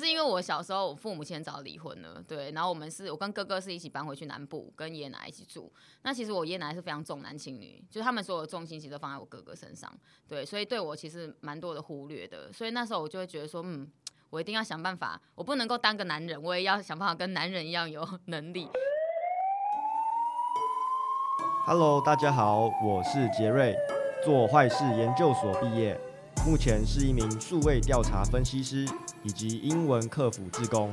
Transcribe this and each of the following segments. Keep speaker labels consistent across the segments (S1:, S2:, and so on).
S1: 是因為我小時候，我父母親早離婚了，對，然後我們是我跟哥哥是一起搬回去南部，跟爺爺奶奶一起住。那其實我爺爺奶奶是非常重男輕女，就他們所有的重心其實都放在我哥哥身上，對，所以對我其實蠻多的忽略的。所以那時候我就會覺得說，嗯，我一定要想辦法，我不能夠當個男人，我也要想辦法跟男人一樣有能力。
S2: Hello，大家好，我是傑瑞，做壞事研究所畢業。目前是一名數位調查分析師，以及英文客服志工，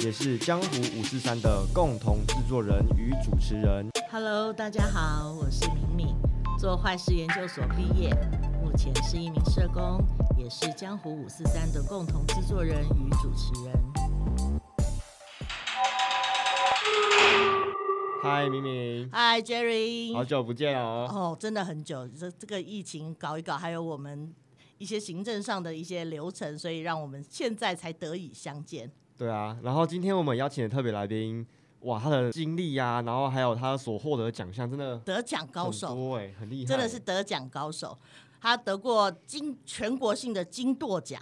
S2: 也是《江湖五四三》的共同製作人與主持人。
S3: Hello，大家好，我是敏敏，做壞事研究所畢業，目前是一名社工，也是《江湖五四三》的共同製作人與主持人。
S2: Hi，敏敏。
S3: Hi，Jerry。好久
S2: 不見了哦。哦，oh,
S3: 真的很久。這這個疫情搞一搞，還有我們。一些行政上的一些流程，所以讓我們現在才得以相見。
S2: 對啊，然後今天我們邀請的特別來賓，哇，他的經歷啊，然後還有他所獲得的獎項，真的得
S3: 獎高手，
S2: 對，很厲害，真的是
S3: 得獎高手。他得過金全國性的金舵獎。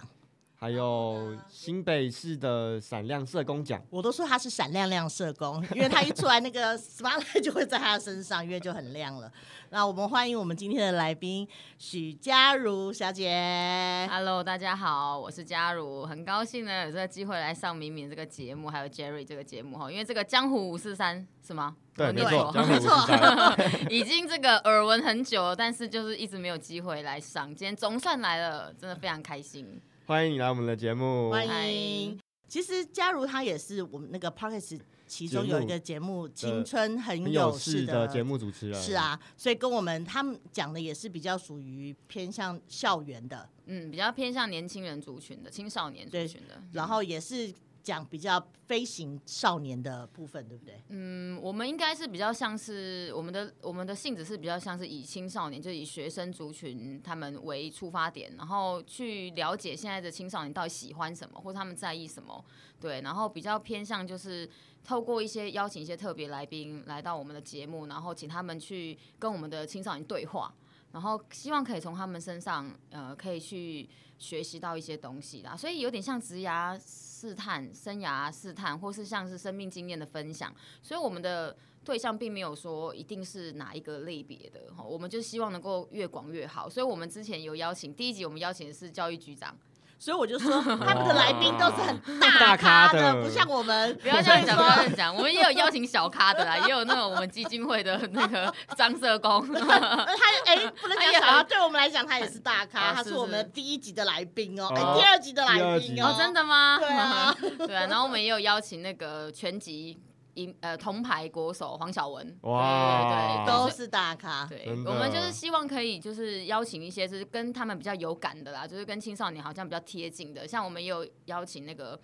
S2: 還有新北市的閃亮社工獎，
S3: 我都說他是閃亮亮社工，因為他一出來那個 spotlight 就會在他身上， 因為就很亮了。那我們歡迎我們今天的來賓許佳如小姐。Hello，大家好，我是佳如，
S1: 很高興呢，有這個機會來上鳴敏這個節目，還有 Jerry 這個節目哈，因為這個江湖五四三是嗎？對，對沒錯， 已經這個耳聞很久了，但是就是一直沒有機會來上，今天總算來了，真的非常開心。
S2: 歡迎你來我們的節目。歡
S3: 迎，其實佳如她也是我們那個 podcast 其中有一個節目《節目青春很有事的，的節目主持人。是啊，所以跟我們他們講的也是比較屬於偏向校園的，嗯，比較偏向年輕人族群的青少年族群的，對嗯、然後也是。講比較非行少年的部分，對不對？嗯，
S1: 我們應該是比較像是我們的我們的性質是比較像是以青少年，就以學生族群他們為出發點，然後去了解現在的青少年到底喜歡什麼，或者他們在意什麼，對。然後比較偏向就是透過一些邀請一些特別來賓來到我們的節目，然後請他們去跟我們的青少年對話。然後希望可以從他們身上，呃，可以去學習到一些東西啦，所以有點像職涯試探、生涯試探，或是像是生命經驗的分享。所以我們的對象並沒有說一定是哪一個類別的，我們就希望能夠越廣越好。所以我們之前有邀請，第一集我們邀請的是教育局長。所以我就說，他們
S3: 的來賓都是
S1: 很大咖的，不像我們。不要這樣講，不要這樣講，我們也有邀請小
S3: 咖的啦，也有那種我們基金會的那個張社工，他哎，不能講啊，對我們來講他也是大咖，他是我們第一集的來賓哦，哎，第二集的來賓哦，真
S1: 的嗎？對啊，對啊，然後我們也有邀請那個全集。銀呃銅牌國手黃筱雯。哇對，對，對，都是大咖。對，的我們就是希望可以就是邀請一些就是跟他們比較有感的啦，就是跟青少年好像比較貼近的，像我們也有邀請那個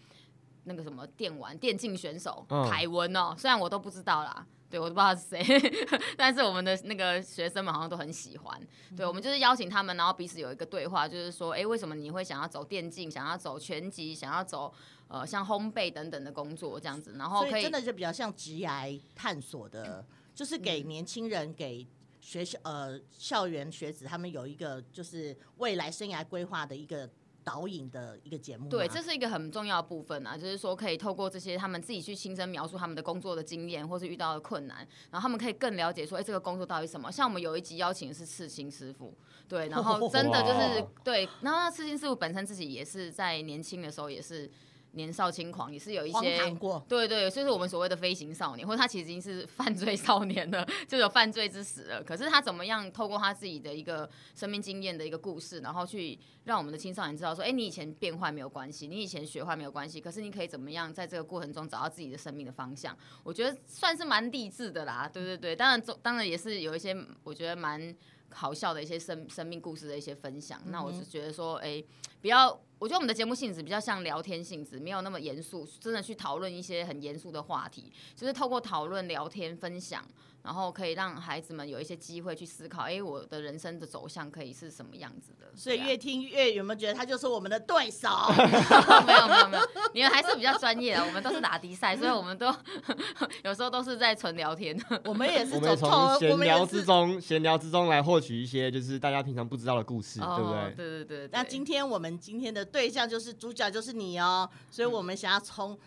S1: 那個什麼電玩電競選手凱文哦、喔，嗯、雖然我都不知道啦。對，我都不知道是誰，但是我們的那個學生們好像都很喜歡。對，我們就是邀請他們，然後彼此有一個對話，就是說，哎，為什麼你會想要走電競，想要走拳擊，想要走呃像烘焙等等的工作這樣子，
S3: 然後可以，以真的就比較像職業探索的，就是給年輕人、給學校呃校園學子他們有一個就是未來生涯規劃的一個。導引的一個節目，對，這是一
S1: 個很重要的部分啊，就是說可以透過這些他們自己去親身描述他們的工作的經驗，或是遇到的困難，然後他們可以更了解說，哎、欸，這個工作到底什麼？像我們有一集邀請的是刺青師傅，對，然後真的就是、哦、對，然後那刺青師傅本身自己也是在年輕的時候也是。年少輕狂也是有一些，對對，所以說我們所謂的非行少年，或者他其實已經是犯罪少年了，就有犯罪事實了。可是他怎麼樣透過他自己的一個生命經驗的一個故事，然後去讓我們的青少年知道說，哎，你以前變壞沒有關係，你以前學壞沒有關係，可是你可以怎麼樣在這個過程中找到自己的生命的方向？我覺得算是蠻勵志的啦，對對對。當然，當然也是有一些，我覺得蠻。好笑的一些生生命故事的一些分享，嗯、哩那我是覺得說，哎、欸，比較，我覺得我們的節目性質比較像聊天性質，沒有那麼嚴肅，真的去討論一些很嚴肅的話題，就是透過討論、聊天、分享。然後可以讓孩子們有一些機會去思考，哎、欸，我的人生的走向可以是什麼樣子的？所以
S3: 越聽越有沒有覺得他就是我們的對手？ 沒有沒有沒有，你們還是比較專業的，我們都是打的賽，所以我們都 有時候都是在純聊天的。我們也是從閒聊之
S2: 中，閒聊之中來獲取一些就是大家平常不知道的故事，哦、對不對？對對
S3: 對、對。那今天我們今天的對象就是主角就是你哦，所以我們想要從。嗯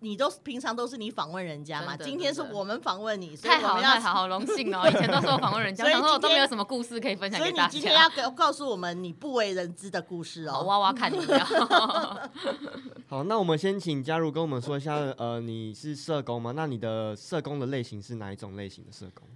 S3: 你都平常都是你訪問人家嘛？對對對，今天是我們訪問你，太好太好，好榮幸哦！以前都是我訪問人家，然 以今我都沒有什麼故事可以分享給大家。今天要告告訴我們你不為人知的故事哦，哇哇，看你。
S2: 好，那我們先請佳如跟我們說一下，呃，你是社工嗎？那你的社工的類型是哪一種類型的社工？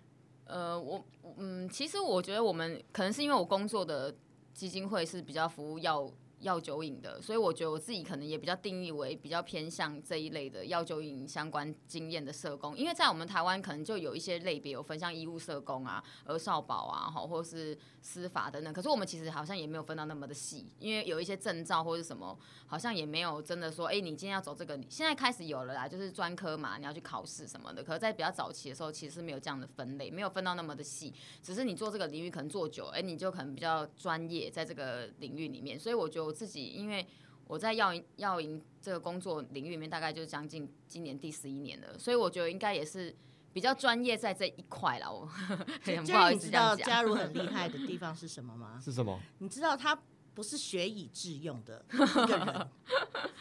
S2: 呃，
S1: 我嗯，其實我覺得我們可能是因為我工作的基金會是比較服務藥。藥酒癮的，所以我覺得我自己可能也比較定義為比較偏向這一類的藥酒癮相關經驗的社工，因為在我們台灣可能就有一些類別有分，像醫務社工啊、兒少保啊，好或是司法等等。可是我們其實好像也沒有分到那麼的細，因為有一些證照或者什麼，好像也沒有真的說，哎，你今天要走這個，現在開始有了啦，就是專科嘛，你要去考試什麼的。可是在比較早期的時候，其實是沒有這樣的分類，沒有分到那麼的細，只是你做這個領域可能做久了，哎，你就可能比較專業在這個領域裡面，所以我覺得。我自己，因為我在藥癮藥癮這個工作領域裡面，大概就是將近今年第十一年了，所以我覺得應該也是比較專業在這一塊了。我不好意思，這樣講。你知道佳如很厲害的地方是什麼嗎？是什麼？
S3: 你知道他不是學以致用的，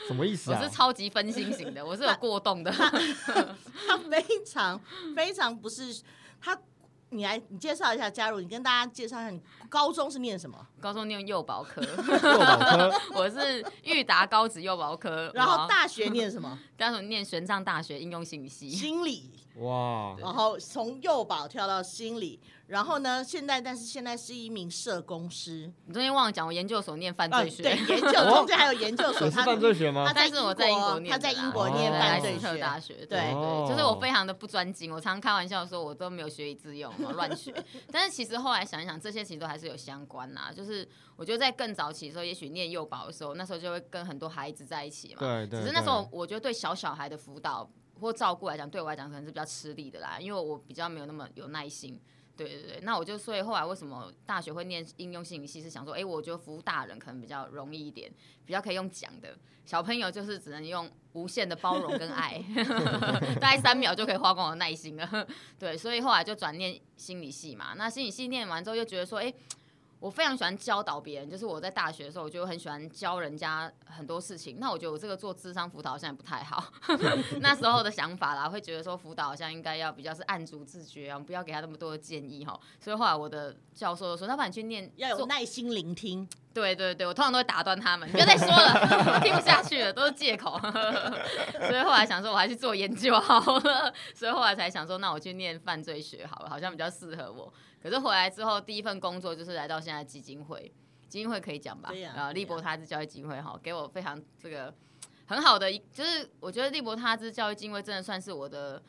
S2: 什麼意思啊？我是超
S3: 級分心型的，我是有過動的， 他,他非常非常不是他。你來，你介紹一下加入，你跟大家介紹一下，你高中是念什麼？高中念幼保科，
S1: 我是育達高職幼保
S3: 科。然後大學念什麼？大學念玄奘大學應用信息心理。
S2: 哇！然
S3: 後從幼保跳到心理，然後呢，現在但是現在是一名社工師。你昨天忘了講，我研究所念犯罪學，對，研究所還有研
S1: 究所，他是
S2: 犯罪學嗎？他在
S1: 英國念，他在英國念犯罪學大學。對對，就是我非常的不專精，我常常開玩笑說，我都沒有學以致用，我亂學。但是其實後來想一想，這些其實都還是有相關啊。就是我覺得在更早期的時候，也許念幼保的時候，那時候就會跟很多孩子在一起嘛。對對。只是那時候我覺得對小小孩的輔導。或照顧來講，對我來講可能是比較吃力的啦，因為我比較沒有那麼有耐心。對對對，那我就所以後來為什麼大學會念應用心理系，是想說，誒，我覺得服務大人可能比較容易一點，比較可以用講的，小朋友就是只能用無限的包容跟愛， 大概三秒就可以花光我的耐心了。對，所以後來就轉念心理系嘛。那心理系念完之後，又覺得說，誒。我非常喜歡教導別人，就是我在大學的時候，我就很喜歡教人家很多事情。那我覺得我這個做諮商輔導好像也不太好， 那時候的想法啦，會覺得說輔導好像應該要比較是案主自決啊，不要給他那麼多的建議哈。所以後來我的教授說：“那不然去念，要有耐心聆聽。”對對對，我通常都會打斷他們，你不要再說了， 我聽不下去了，都是借口。 所以後來想說，我還是做研究好了。所以後來才想說，那我去念犯罪學好了，好像比較適合我。可是回來之後，第一份工作就是來到現在基金會，基金會可以講吧？對啊。對啊，然後利伯塔茲教育基金會好、哦，給我非常這個很好的一，就是我覺得利伯塔茲教育基金會真的算是我的。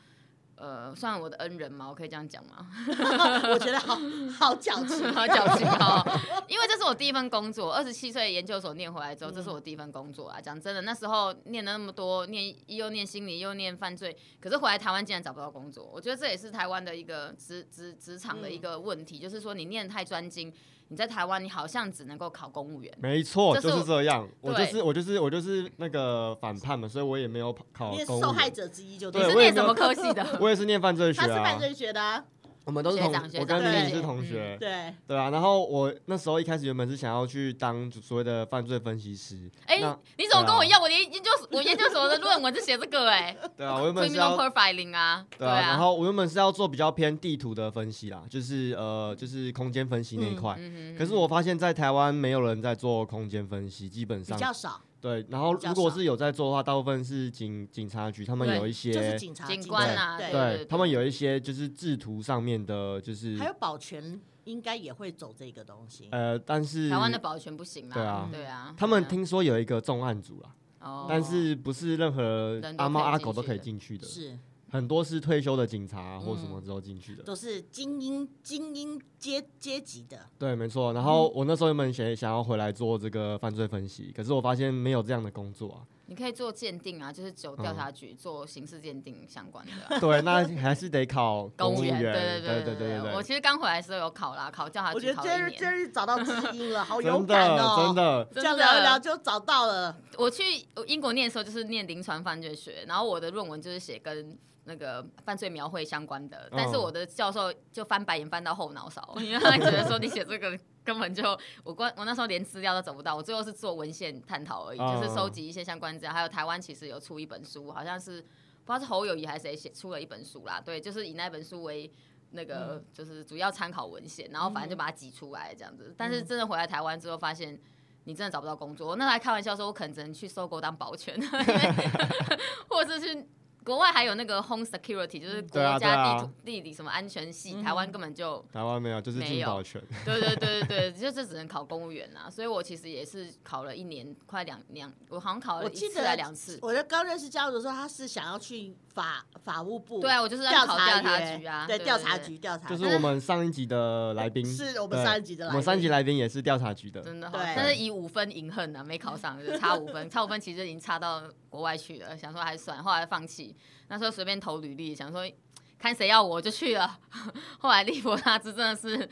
S1: 呃，算我的恩人嗎？我可以這樣講嗎？
S3: 我覺得好好矯情，
S1: 好矯情 哦。因為這是我第一份工作，二十七歲研究所念回來之後，這是我第一份工作啊。講、嗯、真的，那時候念了那麼多，念又念心理又念犯罪，可是回來台灣竟然找不到工作。我覺得這也是台灣的一個職職職場的一個問題，嗯、就是說你念太專精。你在台灣，你好像只能夠考公務員。沒錯錯，就是這樣。對我就是我就
S2: 是我就是那個反叛嘛，所以我也沒有考。你是受害者
S3: 之一就對了。對，你是念什麼科系的？我也， 我也是念犯罪學、啊，他是犯罪學的、啊。我們都是同學，學我跟你是同學，對
S2: 對,對啊。然後我那時候一開始原本是想要去當所謂的犯罪分析師。哎，啊、你怎麼跟我
S3: 一樣？我研
S1: 研究所我研究所的論文就寫這個哎、欸。
S2: 對啊，我原本是要
S1: profiling 啊。對啊。然後
S2: 我原本是要做比較偏地圖的分析啦，就是呃就是空間分析那一塊、嗯。嗯可是我發現，在台灣沒有人在做空間分析，基本上比較少。對，然後如果是有在做的話，大部分是警警察局，他們有一些就是警察警官啊，對，對，對，對，對，對，他們有一些就是製圖上面的，就是還
S3: 有保全應該也會走這個東西。呃，但是台灣的保全不行啊。對啊，嗯、對啊，對啊。他們聽
S2: 說有一個重案組啦，
S3: 嗯、但是
S2: 不是任何阿貓阿狗都可以進去的。去的是。很多是退休的警察或什麼之後進去的，嗯，都
S3: 是精英精英階階級的。
S2: 對，沒錯。然後我那時候原本想想要回來做這個犯罪分析，可是我發現沒有這樣的工作啊。
S1: 你可以做鑑定啊，就是走調查局、嗯、做刑事鑑定相關的、啊。對，那
S2: 還是得考公務員。園對對對對對對對。我
S1: 其實剛回來的時候有考啦，考調查局考了一年。真是找到
S3: 基因知音了，好
S1: 勇敢哦！真的真的。這
S3: 樣、哦、的聊一聊就找到了。
S1: 我去英國念的時候就是念臨床犯罪學，然後我的論文就是寫跟那個犯罪描繪相關的，但是我的教授就翻白眼翻到後腦勺，嗯、因為他覺得說你寫這個。 根本就我關我那時候連資料都找不到，我最後是做文獻探討而已，oh. 就是收集一些相關資料。還有台灣其實有出一本書，好像是不知道是侯友宜還是誰寫出了一本書啦，對，就是以那本書為那個、嗯、就是主要參考文獻，然後反正就把它擠出來這樣子。嗯、但是真的回來台灣之後，發現你真的找不到工作。那還開玩笑說，我可能只能去收購當保全， 或者是去。國外還有那個 home security，就是國家地地理什麼安全系，台灣根本就
S2: 台灣沒有，就是沒有。
S1: 對對對對對，就是只能考公務員啊。所以我其實也是考了一年，快兩年。我好像考了我記得兩次。
S3: 我在剛認識佳如的時候，他是想要去法法務部，對啊，我就是要考調查局啊，對，調查局調查局。就是我
S2: 們上一集的來賓，是我們上一集的來賓。我們上一集來賓也是調查局的，
S1: 真的好，但是以五分飲恨啊，沒考上，差五分，差五分其實已經差到國外去了，想說，還是算了，後來放棄。那時候隨便投履歷，想說看誰要我就去了。 後來利伯他茲真的是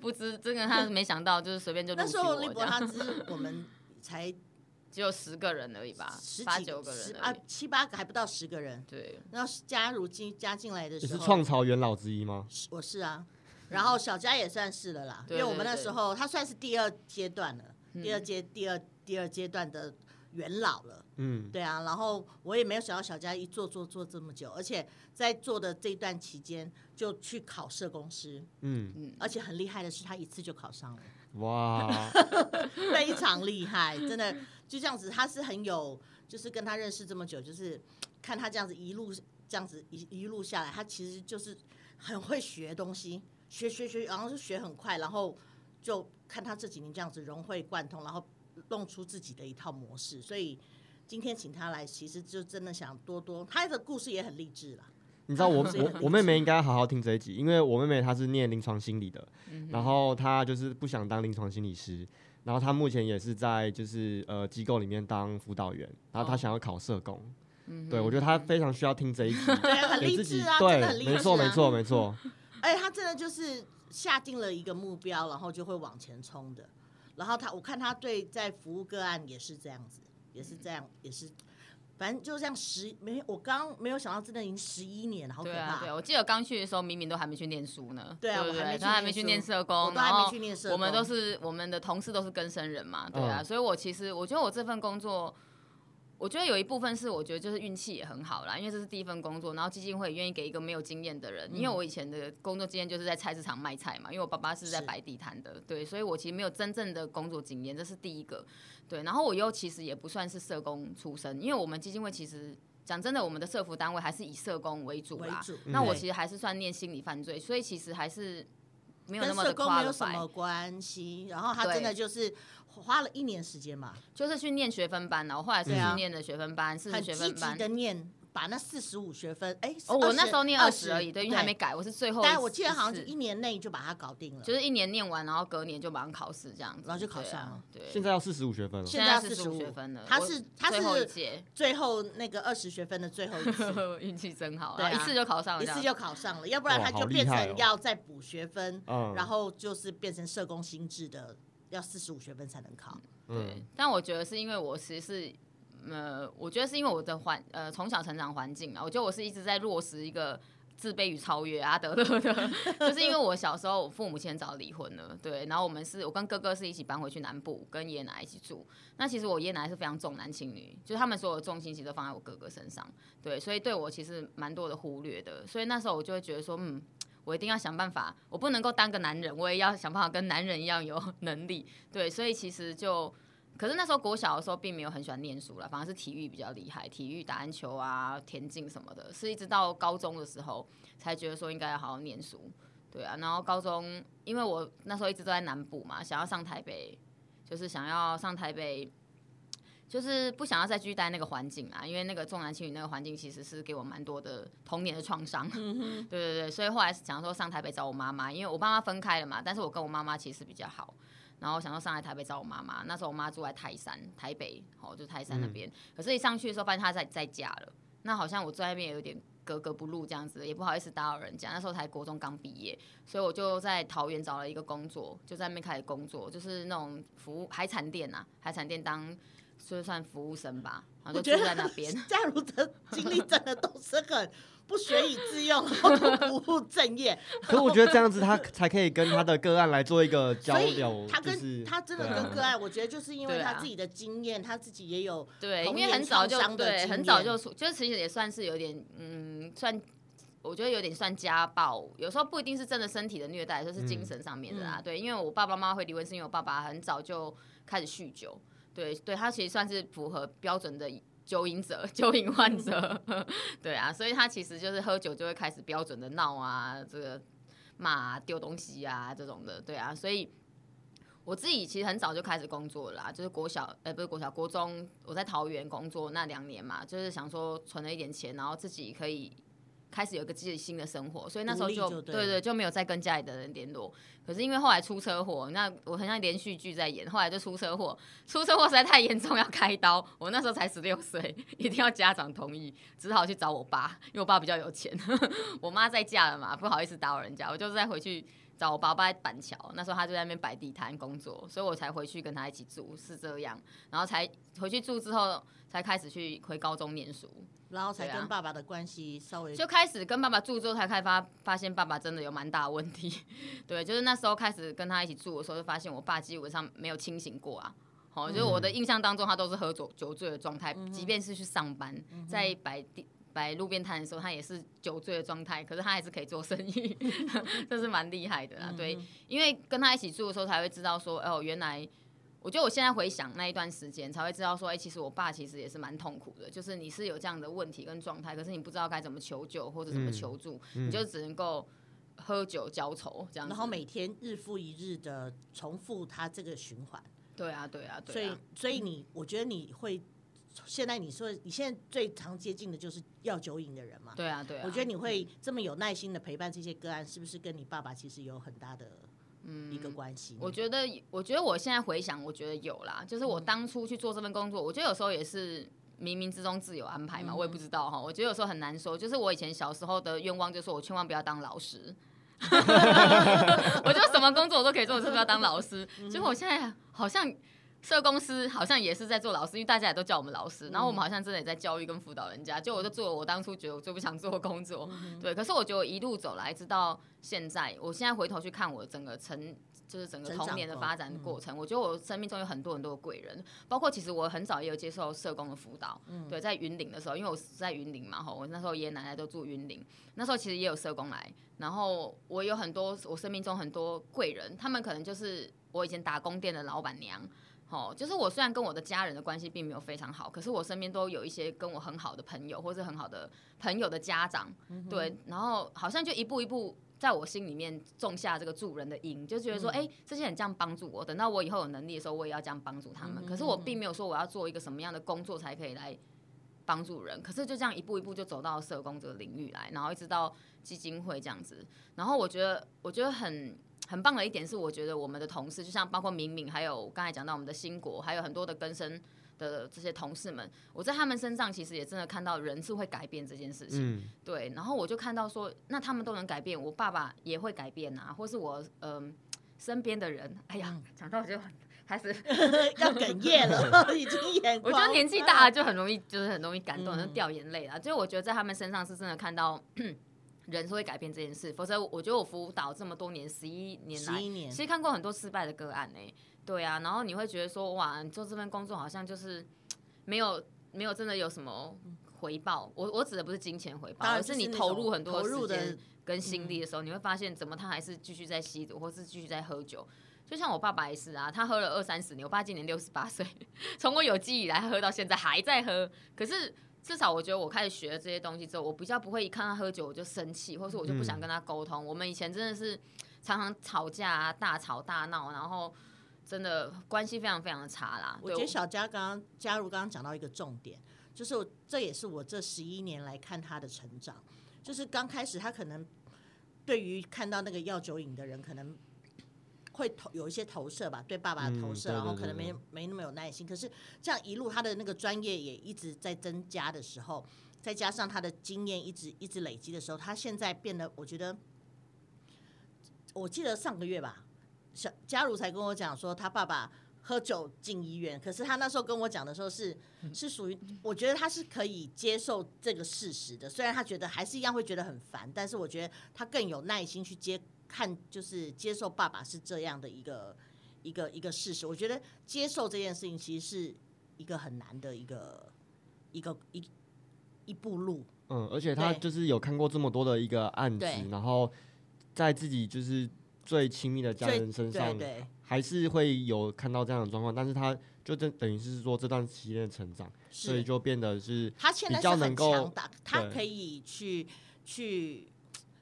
S1: 不知，真的他沒想到，
S3: 就是隨便就錄取我。那時候利伯他茲我們才 只有十個人而已吧，十幾八九個人啊，七八個還不到十個人。對，然後佳如今加進來的時候，你是創
S2: 朝元老之一嗎？
S3: 我是啊，然後小佳也算是了啦， 因為我們那時候 他算是第二階段的，嗯，第二階第二第二階段的。元老了，嗯，對啊，然後我也沒有想到小佳一做做做這麼久，而且在做的這段期間就去考社工師。嗯嗯，而且很厲害的是他一次就考上了，
S2: 哇，
S3: 非常厲害，真的就這樣子，他是很有，就是跟他認識這麼久，就是看他這樣子一路這樣子一一路下來，他其實就是很會學東西，學學學，然後就學很快，然後就看他這幾年這樣子融會貫通，然後。弄出自己的一套模式，所以今天請他來，其實就真的想多多他的故事也很勵志啦。你知道我 我我妹妹應
S2: 該好好聽這一集，因為我妹妹她是念臨床心理的，然後她就是不想當臨床心理師，然後她目前也是在就是呃機構裡面當輔導員，然後她想要考社工。Oh. 對我覺得她非常需要聽這一集， 對、啊，很勵志啊，對，很勵志啊、沒錯，沒錯，沒錯。
S3: 哎、 欸，她真的就是下定了一個目標，然後就會往前衝的。然後他，我看他對在服務個案也是這樣子，也是這樣，也是，反正就像樣十沒，我剛剛沒有想到真的已經十一年了，好可怕。對、啊對啊，我記得剛
S1: 去的時候明明都還沒去念書呢，對啊、對不對？我還他還沒去念社工，都還沒去念社工。我們都是我們的同事都是更生人嘛，嗯、對啊。所以我其實我覺得我這份工作。我覺得有一部分是，我覺得就是運氣也很好啦，因為這是第一份工作，然後基金會願意給一個沒有經驗的人，嗯、因為我以前的工作經驗就是在菜市場賣菜嘛，因為我爸爸是在擺地攤的，是對，所以我其實沒有真正的工作經驗，這是第一個，對，然後我又其實也不算是社工出身，因為我們基金會其實講真的，我們的社服單位還是以社工為主啦，主，那我其實還是算念心理犯罪，所以其實還是跟社工沒有什麼關係，
S3: 關係，對，然後他真的就是花了一年時間嘛，就是去念學分班，然後我後來是去念的學分班，是啊，四十學分班的念，把那四十五學分，哎，我那時候念二十而已，對，因為還沒改，我是最後，但我記得好像是一年內就把它搞定了，就是一年念完，然後隔年就馬上考試這樣
S1: 子，然後就考上了。對。現在要四
S3: 十五學分了，現在要四十五學分了。他是他是最後那個二十學分的最後一節。運氣真好，對，一次就考上了，一次就考上了，要不然他就變成要再補學分，然後就是變成社工心智的要四十五學分才能考。嗯。但我覺得是
S1: 因為我其實是。呃、嗯，我覺得是因為我的環呃從小成長環境啊，我覺得我是一直在落實一個自卑與超越阿德勒的。 就是因為我小時候，我父母親早離婚了，對，然後我們是我跟哥哥是一起搬回去南部跟爺爺奶奶一起住，那其實我爺爺奶奶是非常重男輕女，就是他們所有的重心其實都放在我哥哥身上，對，所以對我其實蠻多的忽略的，所以那時候我就會覺得說，嗯，我一定要想辦法，我不能夠當個男人，我也要想辦法跟男人一樣有能力，對，所以其實就。可是那時候國小的時候並沒有很喜歡念書啦，反而是體育比較厲害，體育打籃球啊、田徑什麼的。是一直到高中的時候才覺得說應該要好好念書，對啊。然後高中因為我那時候一直都在南部嘛，想要上台北，就是想要上台北，就是不想要再繼續待那個環境啊。因為那個重男輕女那個環境其實是給我蠻多的童年的創傷。嗯、哼對對對，所以後來想說上台北找我媽媽，因為我爸媽分開了嘛，但是我跟我媽媽其實比較好。然後我想到上來台北找我媽媽，那時候我媽住在泰山台北，好、哦、就泰山那邊。嗯、可是，一上去的時候發現她在在家了，那好像我在那邊也有點格格不入這樣子，也不好意思打擾人家。那時候才國中剛畢業，所以我就在桃園找了一個工作，就在那邊開始工作，就是那種服務海產店啊海產店當。所以算服務生吧，然後就住在那邊。
S3: 佳如的經歷真的都是很不學以致用，然後不務正業。可是我覺得這樣子，他
S2: 才可以跟他的個案來做一個交流。他跟、就是、
S3: 他真的跟個案，我覺得就是因為他自己的經驗，啊啊、他自己也有童年創傷的經驗，對，因為很早就，對，很
S1: 早就覺得其實也算是有點嗯，算我覺得有點算家暴。有時候不一定是真的身體的虐待，就是精神上面的啊。嗯、對，因為我爸爸媽媽會離婚，是因為我爸爸很早就開始酗酒。對對，他其實算是符合標準的酒癮者、酒癮患者，嗯、 對啊，所以他其實就是喝酒就會開始標準的鬧啊，這個罵、啊、丟東西啊這種的，對啊，所以我自己其實很早就開始工作啦，就是國小呃，不是國小國中。我在桃園工作那兩年嘛，就是想說存了一點錢，然後自己可以。開始有一個自己的新的生活，所以那時候就對，對對，對就沒有再跟家裡的人聯絡。可是因為後來出車禍，那我很像連續劇在演，後來就出車禍，出車禍實在太嚴重，要開刀。我那時候才十六歲，一定要家長同意，只好去找我爸，因為我爸比較有錢。呵呵，我媽再嫁了嘛，不好意思打擾人家，我就再回去找我爸。我爸在板橋，那時候他就在那邊擺地攤工作，所以我才回去跟他一起住，是這樣。然後才回去住之後。才開始去回高中念書，然後才跟爸爸的關係稍微、啊、就開始跟爸爸住之後才開發發現爸爸真的有蠻大問題，對，就是那時候開始跟他一起住的時候就發現我爸基本上沒有清醒過啊，好，就是我的印象當中他都是喝酒酒醉的狀態，嗯、哼即便是去上班，嗯、哼在擺擺路邊攤的時候他也是酒醉的狀態，可是他還是可以做生意，嗯、哼 這是蠻厲害的啦、啊，對，嗯、哼因為跟他一起住的時候才會知道說哦原來。我覺得我現在回想那一段時間，才會知道說，哎、欸，其實我爸其實也是蠻痛苦的。就是你是有這樣的問題跟狀態，可是你不知道該怎麼求救或者怎麼求助，嗯嗯、你就只能夠
S3: 喝酒澆愁這樣子，然後每天日復一日的重複他這個循環、啊。對啊，對啊，所以所以你，嗯、我覺得你會現在你說你現在最常接近的就是要酒癮的人嘛？對啊，對啊。我覺得你會這麼有耐心的陪伴這些個案，是不是跟你爸爸其實有很大的？嗯、一個關係，我覺得，我覺得
S1: 我現在回想，我覺得有啦，就是我當初去做這份工作，嗯、我覺得有時候也是冥冥之中自有安排嘛，嗯、我也不知道哈。我覺得有時候很難說，就是我以前小時候的願望，就是我千萬不要當老師， 我就什麼工作我都可以做，我就不要當老師。結果、我、現在好像。社工師好像也是在做老師，因為大家也都叫我們老師，然後我們好像真的也在教育跟輔導人家。就、嗯、我就做了我當初覺得我最不想做的工作，嗯嗯對。可是我覺得一路走來，直到現在，我現在回頭去看我整個成，就是整個童年的發展的過程，過嗯、我覺得我生命中有很多很多的貴人，包括其實我很早也有接受社工的輔導，嗯、對，在雲林的時候，因為我是在雲林嘛，吼，我那時候爺爺奶奶都住雲林，那時候其實也有社工來，然後我有很多我生命中很多貴人，他們可能就是我以前打工店的老闆娘。哦，就是我雖然跟我的家人的關係並沒有非常好，可是我身邊都有一些跟我很好的朋友，或是很好的朋友的家長，嗯、哼對，然後好像就一步一步在我心裡面種下這個助人的因，就覺得說，哎、嗯欸，這些人這樣幫助我，等到我以後有能力的時候，我也要這樣幫助他們。嗯、哼可是我並沒有說我要做一個什麼樣的工作才可以來幫助人，可是就這樣一步一步就走到社工這個領域來，然後一直到基金會這樣子。然後我覺得，我覺得很。很棒的一點是，我覺得我們的同事，就像包括敏敏，還有剛才講到我們的新國，還有很多的更生的這些同事們，我在他們身上其實也真的看到人是會改變這件事情。嗯、對，然後我就看到說，那他們都能改變，我爸爸也會改變啊，或是我嗯、呃、身邊的人。哎呀，講到我就開始要哽咽了，已經眼，我覺得年紀大了就很容易，就是很容易感動，嗯、就掉眼淚了。就我覺得在他們身上是真的看到。 人是會改變這件事，否則我覺得我輔導這麼多年，十一年來，年其實看過很多失敗的個案呢、欸。對啊，然後你會覺得說，哇，你做這份工作好像就是沒有沒有真的有什麼回報。嗯、我我指的不是金錢回報，是而是你投入很多投入的跟心力的時候，嗯、你會發現怎麼他還是繼續在吸毒，或是繼續在喝酒。就像我爸爸也是啊，他喝了二三十年，我爸今年六十八歲，從我有記憶以來喝到現在還在喝，可是。至少我覺得我開始學這些東西之後，我比較不會一看他喝酒我就生氣，或者我就不想跟他溝通。嗯、我們以前真的是常常吵架、啊、大吵大鬧，然後真的
S3: 關係非常非常的差啦。我覺得小佳剛剛加入剛剛講到一個重點，就是這也是我這十一年來看他的成長，就是剛開始他可能對於看到那個藥酒癮的人可能。會投有一些投射吧，對爸爸的投射，嗯、對對對對。然後可能沒沒那麼有耐心。可是這樣一路他的那個專業也一直在增加的時候，再加上他的經驗一直一直累積的時候，他現在變得，我覺得，我記得上個月吧，小佳如才跟我講說他爸爸喝酒進醫院，可是他那時候跟我講的時候是是屬於，我覺得他是可以接受這個事實的，雖然他覺得還是一樣會覺得很煩，但是我覺得他更有耐心去接。看，就是接受爸爸是這樣的一個一個一個事實。我覺得接受這件事情其實是一個很難的一個一個一一步路。嗯，而且他對
S2: 就是有看過這麼多的一個案子，對然後在自己就是最親密的家人身上，還是會有看到這樣的狀況。對對對，但是他就等等於是說這段期間的成長，是所以就變得是比較能夠，他現在
S3: 是很強大，他可以去對去。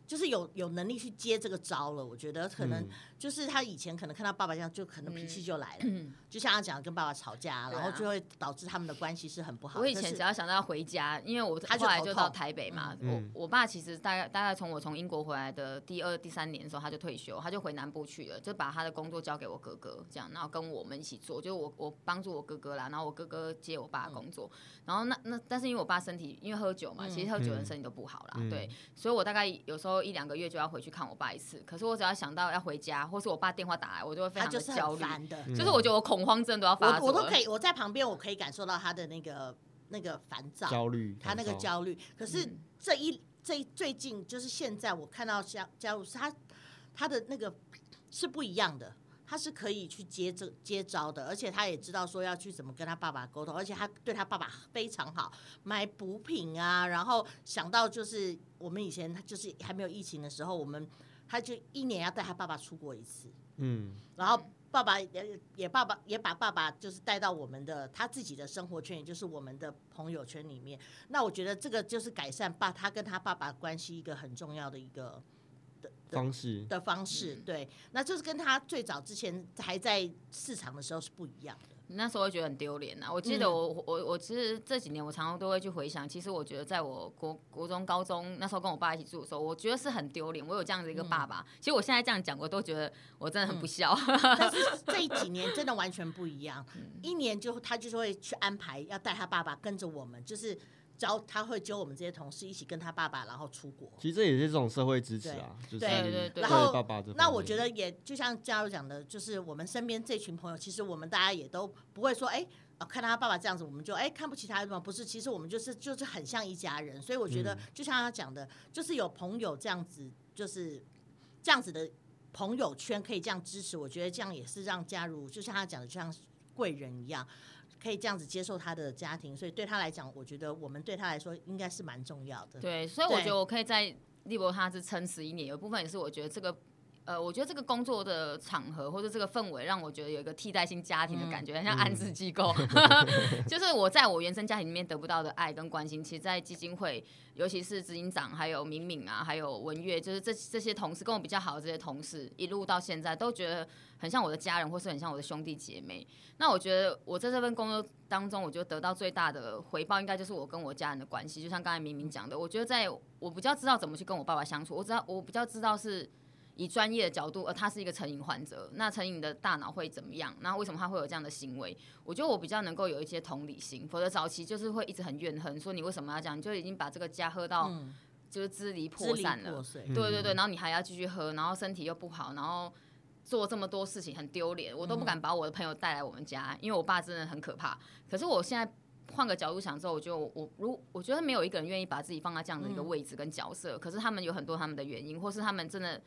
S3: 就是有有能力去接這個招了，我覺得可能。嗯就是他以前可能看到爸爸這樣，就可能脾氣就來了，嗯、就像他講跟爸爸吵架，啊、然後就會導致他們的關係是很不好。我以前只要想到要
S1: 回家，因為我他就後來就到台北嘛，嗯、我我爸其實大概大概從我從英國回來的第二第三年的時候，他就退休，他就回南部去了，就把他的工作交給我哥哥，這樣，然後跟我們一起做，就我我幫助我哥哥啦，然後我哥哥接我爸的工作，嗯、然後那那但是因為我爸身體因為喝酒嘛，其實喝酒的人身體都不好啦，嗯、對，嗯、所以我大概有時候一兩個月就要回去看我爸一次，可是我只要想到要回家。或是我爸電話打來，我就會非常的焦慮，他就是很煩的，就是我覺得我恐慌症都要發作。嗯。我，我都可以，
S3: 我在旁邊我可以感受到他的那個那個煩躁、焦慮，他那個焦慮。焦慮可是這一、嗯、這一最近就是現在，我看到佳如他，他的那個是不一樣的，他是可以去接這接招的，而且他也知道說要去怎麼跟他爸爸溝通，而且他對他爸爸非常好，買補品啊，然後想到就是我們以前就是還沒有疫情的時候，我們。他就一年要帶他爸爸出國一次，嗯，然後爸爸也也爸爸也把爸爸就是帶到我們的他自己的生活圈，也就是我們的朋友圈裡面。那我覺得這個就是改善爸他跟他爸爸關係一個很重要的一個的
S2: 方式的
S3: 方式。對，那就是跟他最早之前還在市
S1: 場的時候是不一樣的。那時候會覺得很丟臉吶。我記得我我、嗯、我，我我其實這幾年我常常都會去回想，其實我覺得，在我國國中、高中那時候跟我爸一起住的時候，我覺得是很丟臉，我有
S3: 這樣的一個爸爸。嗯、其實我現在這樣講，我都覺得我真的很不孝。嗯、 但是這幾年真的完全不一樣。嗯、一年就他就是會去安排，要帶他爸爸跟着我們，就是。教他會揪我們這些同事一起跟他爸爸，然後出國。
S2: 其實這也是這種社會支持啊。對，是對，對對對，對然後，對爸爸，那我覺得
S3: 也就像佳如講的，就是我們身邊這群朋友，其實我們大家也都不會說，哎，看他爸爸這樣子，我們就誒看不起他什麼？不是，其實我們就是就是很像一家人。所以我覺得，嗯、就像他講的，就是有朋友這樣子，就是這樣子的朋友圈可以這樣支持。我覺得這樣也是讓佳如就像他講的，就像貴人一樣。可以這樣子接受他的家庭，所以對他來講，我覺得我們對他來說應該是蠻重要的。對，對，所以我覺得我可以在利伯他茲撐十一年，有
S1: 部分也是我覺得這個。呃，我覺得這個工作的場合或者這個氛圍，讓我覺得有一個替代性家庭的感覺，嗯、很像安置機構。嗯、 就是我在我原生家庭裡面得不到的愛跟關心，其實，在基金會，尤其是執行長，還有敏敏啊，還有文月，就是這這些同事跟我比較好的這些同事，一路到現在，都覺得很像我的家人，或是很像我的兄弟姐妹。那我覺得我在這份工作當中，我覺得得到最大的回報，應該就是我跟我家人的關係。就像剛才敏敏講的，我覺得在我比較知道怎麼去跟我爸爸相處，我知道我比較知道是。以專業的角度，而他是一個成癮患者。那成癮的大腦會怎麼樣？那為什麼他會有這樣的行為？我覺得我比較能夠有一些同理心，否則早期就是會一直很怨恨，說你為什麼要這樣？你就已經把這個家喝到、嗯、就是支離破碎了。對對對，然後你還要繼續喝，然後身體又不好，然後做這麼多事情很丟臉，我都不敢把我的朋友帶來我們家，嗯、因為我爸真的很可怕。可是我現在換個角度想之後，我覺得我如我，我覺得沒有一個人願意把自己放在這樣的一個位置跟角色。嗯、可是他們有很多他們的原因，或是他們真的。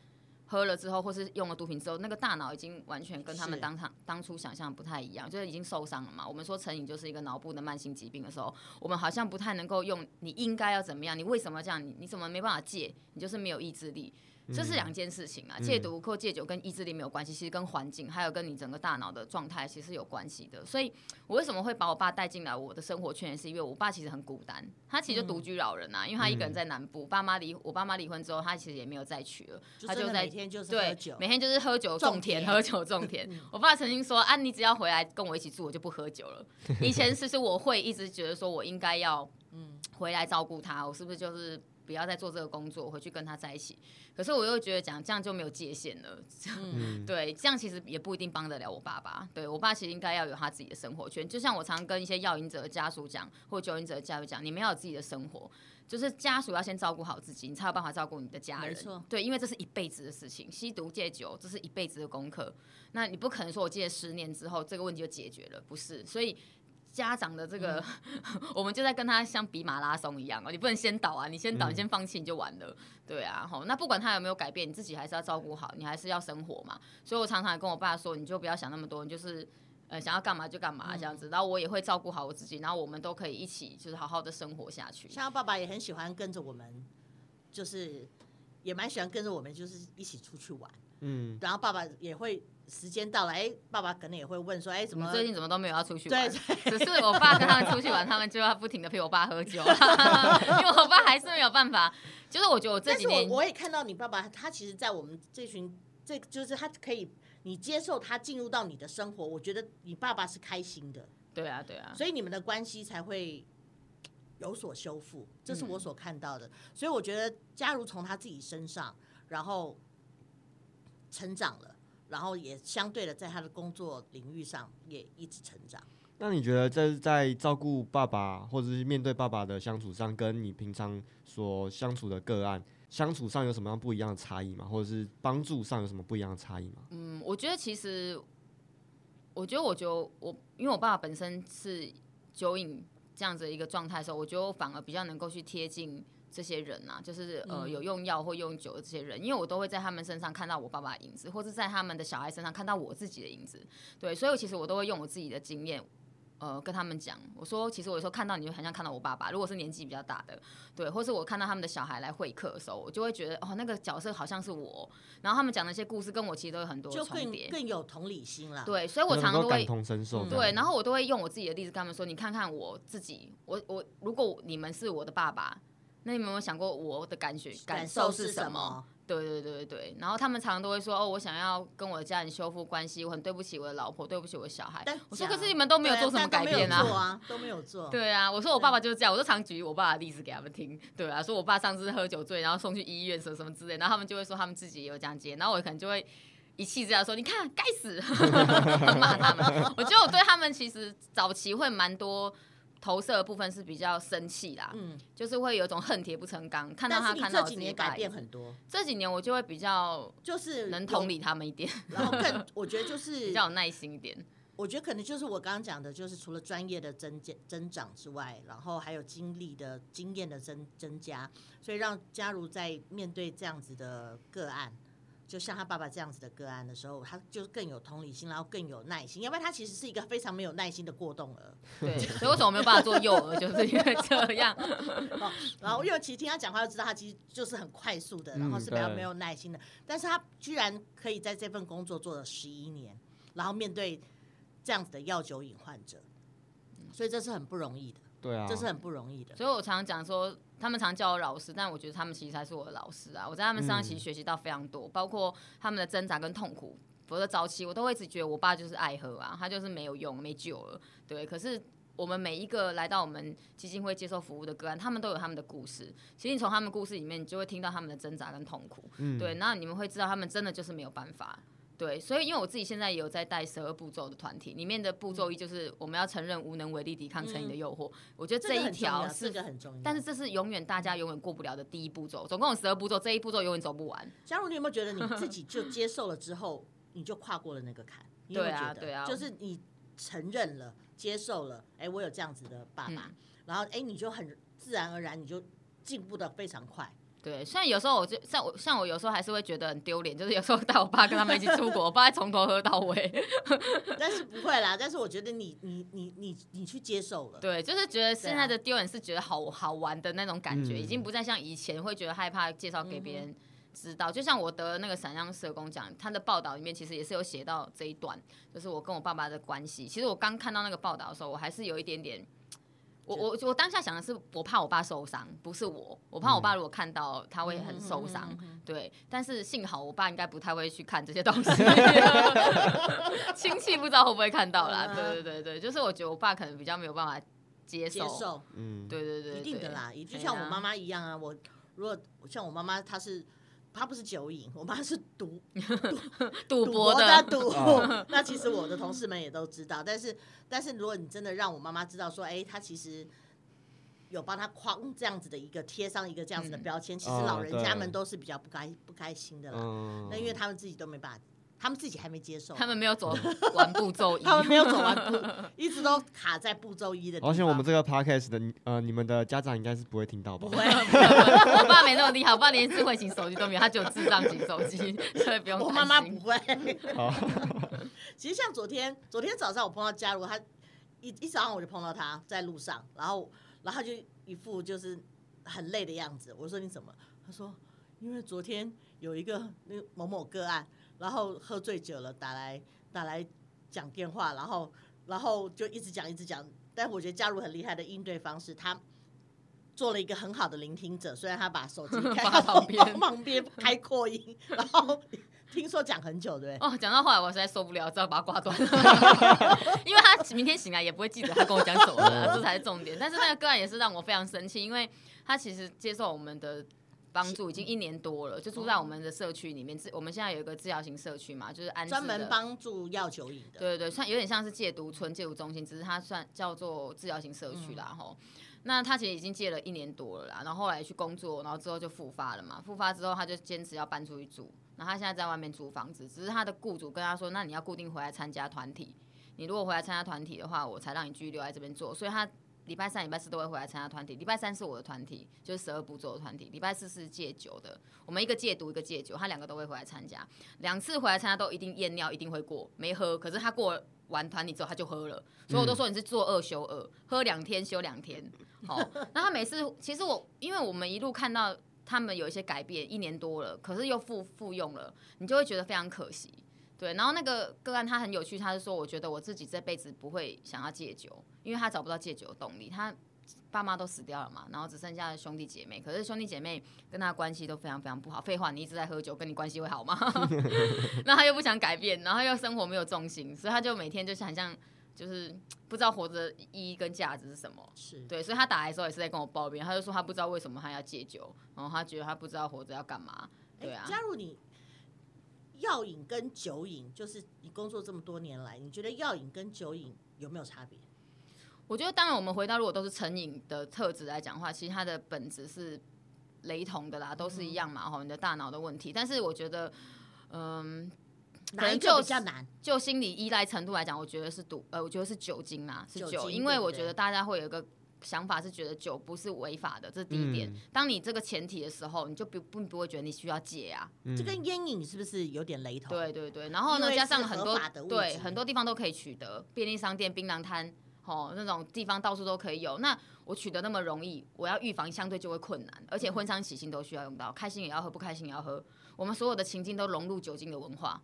S1: 喝了之後，或是用了毒品之後，那個大腦已經完全跟他們當場當初想象不太一樣，是就是已經受傷了嘛。我們說成癮就是一個腦部的慢性疾病的時候，我們好像不太能夠用你應該要怎麼樣，你為什麼要這樣，你，你怎麼沒辦法戒，你就是沒有意志力。這是兩件事情啊，嗯、戒毒或戒酒跟意志力沒有關係，嗯、其實跟環境還有跟你整個大腦的狀態其實是有關係的。所以我為什麼會把我爸帶進來我的生活圈，也是因為我爸其實很孤單，他其實獨居老人啊。嗯、因為他一個人在南部，爸媽離我爸媽離婚之後，他其實也沒有再娶了，就真他就在每天就是對，每天就是喝酒種點田，喝酒種田。嗯、我爸曾經說啊，你只要回來跟我一起住，我就不喝酒了。 以前其實我會一直覺得說，我應該要嗯回來照顧他，我是不是就是？不要再做這個工作，回去跟他在一起。可是我又覺得講這樣就沒有界限了，嗯、對，這樣其實也不一定幫得了我爸爸。對我爸其實應該要有他自己的生活圈，就像我常跟一些藥癮者的家屬講，或酒癮者的家屬講，你們要有自己的生活，就是家屬要先照顧好自己，你才有辦法照顧你的家人。沒錯。對，因為這是一輩子的事情，吸毒戒酒這是一輩子的功課。那你不可能說我戒十年之後這個問題就解決了，不是，所以。家長的這個，嗯、 我們就在跟他像比馬拉松一樣哦，你不能先倒啊，你先倒，嗯、你先放棄你就完了，對啊，好，那不管他有沒有改變，你自己還是要照顧好，你還是要生活嘛。所以我常常跟我爸說，你就不要想那麼多，你就是呃想要幹嘛就幹嘛這樣子，嗯、然後我也會照顧好我自己，然後我們都可以一起就是好好的生活
S3: 下去。像爸爸也很喜歡跟着我們，就是也蠻喜歡跟着我們就是一起出去玩，嗯，然後爸爸也會。時間到了，哎、欸，爸爸可能也會問說，哎、欸，怎麼最近怎麼都沒有要出去玩？對，對只是我爸跟他們出去玩， 他們就要不停的陪我爸喝酒， 因為我
S1: 爸還是沒有辦法。就是我覺得我這幾年，但是我我也
S3: 看到你爸爸，他其實在我們這群，這就是他可以你接受他進入到你的生活，我覺得你爸爸是開心的。對啊，對啊，所以你們的關係才會有所修復，這是我所看到的。嗯、所以我覺得佳如從他自己身上，然後成長了。然後也相對的，在他的工作領域上也一直成長。
S2: 那你覺得這是在照顧爸爸，或者是面對爸爸的相處上，跟你平常所相處的個案相處上有什麼樣不一樣的差異嗎？或者是幫助上有什麼不一樣的差異嗎？
S1: 嗯，我覺得其實，我覺得，我覺得我就我，因為我爸爸本身是酒癮這樣子的一個狀態的時候，我覺得我反而比較能夠去貼近這些人吶、啊，就是呃，有用藥或用酒的這些人，嗯、因為我都會在他們身上看到我爸爸的影子，或者在他們的小孩身上看到我自己的影子。對，所以我其實我都會用我自己的經驗，呃，跟他們講，我說，其實我說看到你就很像看到我爸爸。如果是年紀比較大的，對，或是我看到他們的小孩來會客的時候，我就會覺得哦，那個角色好像是我。然後他們講的一些故事跟我其實都有很多重疊，就
S3: 會更有同理心啦。對，所以我常常都會感同
S1: 身受，對，然後我都會用我自己的例子跟他們說，你看看我自己，我我如果你們是我的爸爸。那你們有沒有想過我的感覺感受是什麼？什麼，對對對對對。然後他們常常都會說：“哦，我想要跟我的家人修復關係，我很對不起我的老婆，對不起我的小孩。
S3: 但”但我說：“的可是你們都沒有做什麼改變啊，啊，都沒有
S1: 做。” 對啊，我說我爸爸就是這樣，我就常舉我爸的例子給他們聽。對啊，說我爸上次喝酒醉，然後送去醫院什麼什麼之類，然後他們就會說他們自己也有這樣接然後我可能就會一氣之下說：“你看，該死！” 罵他們。 我覺得我對他們其實早期會蠻多。投射的部分是比較生氣啦，嗯，就是會有一種恨鐵不成鋼，看到他，你這幾年看到自己改變很多。這幾年我就會比
S3: 較就是能同理他們一點，然後更我覺得就是比較有耐心一點。 比較有耐心一點，我覺得可能就是我剛剛講的，就是除了專業的增減增長之外，然後還有經歷的經驗的增增加，所以讓佳如在面對這樣子的個案，就像他爸爸這樣子的個案的時候，他就更有同理心，然後更有耐心，要不然他其實是一個非常沒有耐心的過動兒。對，所以為什麼沒有辦法做幼兒， 就是因為這樣。然後又其聽他講話就知道，他其實就是很快速的，然後是比較沒有耐心的。嗯，但是他居然可以在這份工作做了十一年，然後面對這樣子的藥酒癮患者，所以這是很不容易的。對啊，這是很不容易的，所以我常
S1: 常講說，他們常叫我老師，但我覺得他們其實才是我的老師啊。我在他們身上其實學習到非常多，嗯、包括他們的掙扎跟痛苦。否則早期我都會一直覺得我爸就是愛喝啊，他就是沒有用、沒救了。對，可是我們每一個來到我們基金會接受服務的個案，他們都有他們的故事。其實你從他們故事裡面，你就會聽到他們的掙扎跟痛苦。嗯、對，那你們會知道他們真的就是沒有辦法。對，所以因為我自己現在也有在帶十二步驟的團體，裡面的步驟一就是我們要承認無能為力抵抗成癮的誘惑。嗯、我覺得這一條是很重要，這個、重要但是這是永遠大家永遠過不了的第一步驟。總共有十二步驟，這一步驟永遠走不完。
S3: 佳如，你有沒有覺得你自己就接受了之後， 你就跨過了那個坎？有有對啊，對啊，就是你承認了、接受了，哎，我有這樣子的爸爸，嗯、然後哎，你就很自然而然，你就進步的非常快。
S1: 對，雖然有時候我就像我像我有時候還是會覺得很丟臉，就是有時候帶我爸跟他們一起出國， 我爸從頭喝到尾。
S3: 但是不會啦，但是我覺得你你你你你去接受了。對，就是覺得現在的丟臉是覺得好
S1: 好玩的那種感覺，嗯、已經不再像以前會覺得害怕介紹給別人知道。嗯、哼就像我得了那個閃亮社工獎，他的報道裡面其實也是有寫到這一段，就是我跟我爸爸的關係。其實我剛看到那個報道的時候，我還是有一點點。我我我當下想的是，我怕我爸受傷，不是我，我怕我爸如果看到，嗯、他會很受傷，嗯嗯嗯嗯、對。但是幸好我爸應該不太會去看這些東西，親 戚不知道會不會看到啦。嗯、對對對
S3: 對，就是我覺得我爸可能比較沒有辦法接受，嗯、接受，
S1: 對，對對對，一定的啦，就像我媽媽
S3: 一樣啊。啊我如果我像我媽媽，她是。他不是酒癮，我媽是賭賭賭博的賭。賭 那其實我的同事們也都知道，但是但是如果你真的讓我媽媽知道說，誒、欸，他其實有幫他框這樣子的一個貼上一個這樣子的標籤，嗯、其實老人家們都是比較不開不開心的啦。哦、那因為他們自己都沒辦法。他們自己還沒接受、啊，他們沒有走完步驟一， 他們沒有走完步， 一直都卡在步驟一的地方、哦。而且
S2: 我們這個 podcast 的呃，你們的家長應該是不會聽到吧？不
S3: 會，我爸沒那麼厲害。我爸連智慧型手機都沒有，他只有智障型手機， 所以不用。我媽媽不會。 好， 其實像昨天，昨天早上我碰到佳如，他一一早上我就碰到他在路上，然後然後他就一副就是很累的樣子。我說你怎麼？他說因為昨天有一個那某某個案。然後喝醉酒了，打來打來講電話，然後然後就一直講一直講。但我覺得佳如很厲害的應對方式，他做了一個很好的聆聽者，雖然他把手機開，幫旁，旁邊開擴音， 然後聽說講很久對，不對。哦，講到後來我實在受不
S1: 了，只好把他掛斷了。 因為他明天醒來也不會記得他跟我講什麼了、啊， 這才是重點。但是那個個案也是讓我非常生氣，因為他其實接受我們的。幫助已經一年多了，就住在我們的社區裡面治。嗯、我們現在有一個治療型社區嘛，就是安置的，專門幫助藥酒癮的。的對對像算有點像是戒毒村、戒毒中心，只是它算叫做治療型社區啦吼。嗯、那他其實已經戒了一年多了啦，然後，後來去工作，然後之後就復發了嘛。復發之後，他就堅持要搬出去住，然後他現在在外面租房子，只是他的僱主跟他說：“那你要固定回來參加團體，你如果回來參加團體的話，我才讓你繼續留在這邊做。”所以他。禮拜三、禮拜四都會回來參加團體。禮拜三是我的團體，就是十二步驟的團體。禮拜四是戒酒的，我們一個戒毒，一個戒酒。他兩個都會回來參加，兩次回來參加都一定驗尿，一定會過，沒喝。可是他過完團體之後他就喝了，所以我都說你是做二休二，嗯、喝兩天休兩天。好，哦、 那他每次其實我因為我們一路看到他們有一些改變，一年多了，可是又復復用了，你就會覺得非常可惜。對，然後那個個案他很有趣，他是說，我覺得我自己這輩子不會想要戒酒，因為他找不到戒酒的動力。他爸媽都死掉了嘛，然後只剩下兄弟姐妹，可是兄弟姐妹跟他關係都非常非常不好。廢話，你一直在喝酒，跟你關係會好嗎？那 他又不想改變，然後又生活沒有重心，所以他就每天就很像，就是不知道活着意義跟價值是什麼。是對，所以他打來的時候也是在跟我抱怨，
S3: 他就說他不知道為什
S1: 麼他要戒酒，然後他覺得他不知道活着要幹嘛。對啊，哎，加
S3: 入你。藥癮跟酒癮，就是你工作這麼多年來，你覺得藥癮跟酒癮有沒有差別？
S1: 我覺得當然，我們回到如果都是成癮的特質來講的話，其實它的本質是雷同的啦，都是一樣嘛，吼、嗯，你的大腦的問題。但是我覺得，嗯、呃，
S3: 難就，就比較難，
S1: 就心理依賴程度來講，我覺得是毒，呃，我覺得是酒精啦，是酒，酒精，因為我覺得大家會有一個。想法是覺得酒不是違法的，這是第一點。嗯，當你這個前提的時候，你就不並不會覺得你需要戒啊。這跟
S3: 菸癮是不是有點雷同？對對對。然後呢，加上很多對很
S1: 多地方都可以取得，便利商店、檳榔攤，哦，那種地方到處都可以有。那我取得那麼容易，我要預防相對就會困難。而且婚喪喜慶都需要用到，開心也要喝，不開心也要喝。我們所有的情境都融入酒精的文化，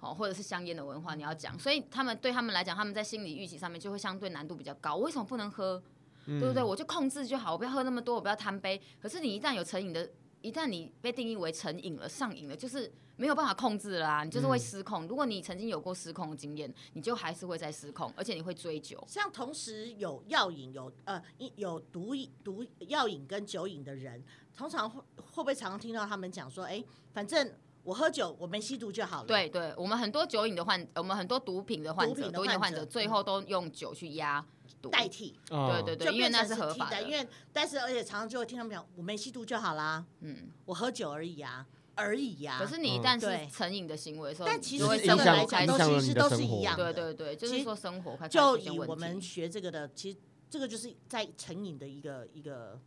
S1: 哦，或者是香菸的文化。你要講，所以他們對他們來講，他們在心理預期上面就會相對難度比較高。為什麼不能喝？嗯、對不對，我就控制就好，我不要喝那麼多，我不要貪杯。可是你一旦有成癮的，一旦你被定義為成癮了、上癮了，就是沒有辦法控制啦、啊，你就是會失控。嗯、如果你曾經有過失控的經驗，你就還是會在失控，
S3: 而且你會追究。像同時有藥癮、有呃有毒癮、毒藥癮跟酒癮的人，通常會、會不會常常聽到他們講說，哎，反正我喝酒，我沒吸毒就好了。對
S1: 對，我們很多酒癮的
S3: 患，我們很多毒品的患者，毒品的患者最後都用酒去壓。代替，
S1: 嗯、對對對，就變成是合法的。因
S3: 為但是，而且常常就會聽他們講：“我沒吸毒就好啦。嗯，我喝酒而已啊，而已啊。可是你一旦是成癮的行為的，對但其實整個來講都其實都是一樣。對對對，就是說生活就以我們學這個的，其實這個就是在成癮的一個一個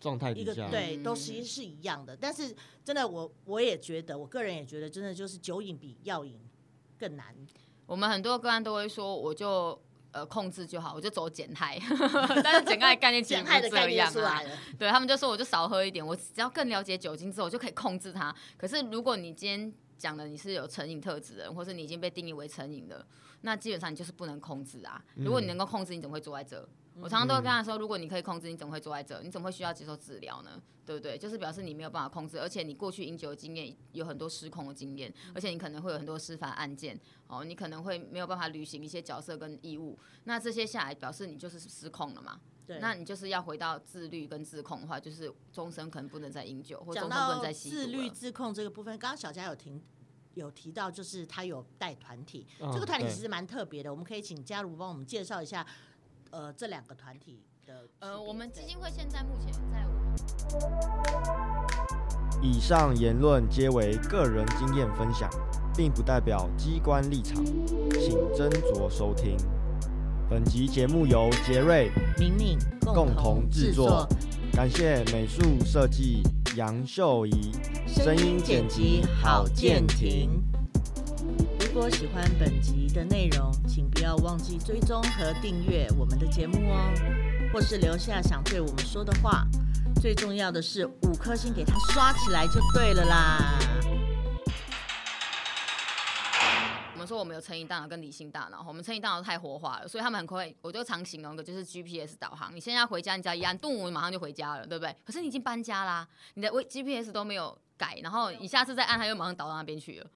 S3: 狀態，一個，一個對，都其實是一樣的。但是真的我，我我也覺得，我個人也覺得，真的就是酒癮比藥癮更難。我們很多個案都會說，我就。
S1: 呃，控制就好，我就走減害，但是減害概念其實不是這樣啊。的對他們就說，我就少喝一點，我只要更了解酒精之後，我就可以控制它。可是如果你今天講的你是有成癮特質的人，或者你已經被定義為成癮的，那基本上你就是不能控制啊。嗯、如果你能夠控制，你怎麼會坐在這？我常常都會跟他說：“如果你可以控制，你怎麼會坐在這？你怎麼會需要接受治療呢？對不對？就是表示你沒有辦法控制，而且你過去飲酒的經驗有很多失控的經驗，而且你可能會有很多司法案件。哦，你可能會沒有辦法履行一些角色跟義務。那這些下來表示你就是失控了嘛？對，那你就是要回到自律跟自控
S3: 的話，就是終身可能不能再飲酒，或者終身不能再吸毒了。自律自控這個部分，剛剛小佳有提，有提到，就是他有帶團體，哦、這個團體其實蠻特別的。對我們可以請佳如幫我們介紹一下。”呃，這兩個團體的呃，我們
S1: 基金會現在目前在。我
S2: 對以上言論皆為個人經驗分享，並不代表機關立場，請斟酌收聽。本集節目由傑瑞、
S3: 鳴敏共同製作，
S2: 感謝美術設計楊琇詒，聲音剪輯郝建廷。
S3: 如果喜歡本集的內容，請不要忘記追蹤和訂閱我們的節目哦，或是留下想對我們說的話。最重要的是五顆星給它刷起來就對了啦。
S1: 我們說我們有成癮大腦跟理性大腦，我們成癮大腦太活化了，所以他們很快。我就常形容的就是 GPS 導航，你現在要回家，你只要一按動，我馬上就回家了，對不對？可是你已經搬家啦，啊，你的 GPS 都沒有改，然後你下次再按，它又馬上導到那邊去了。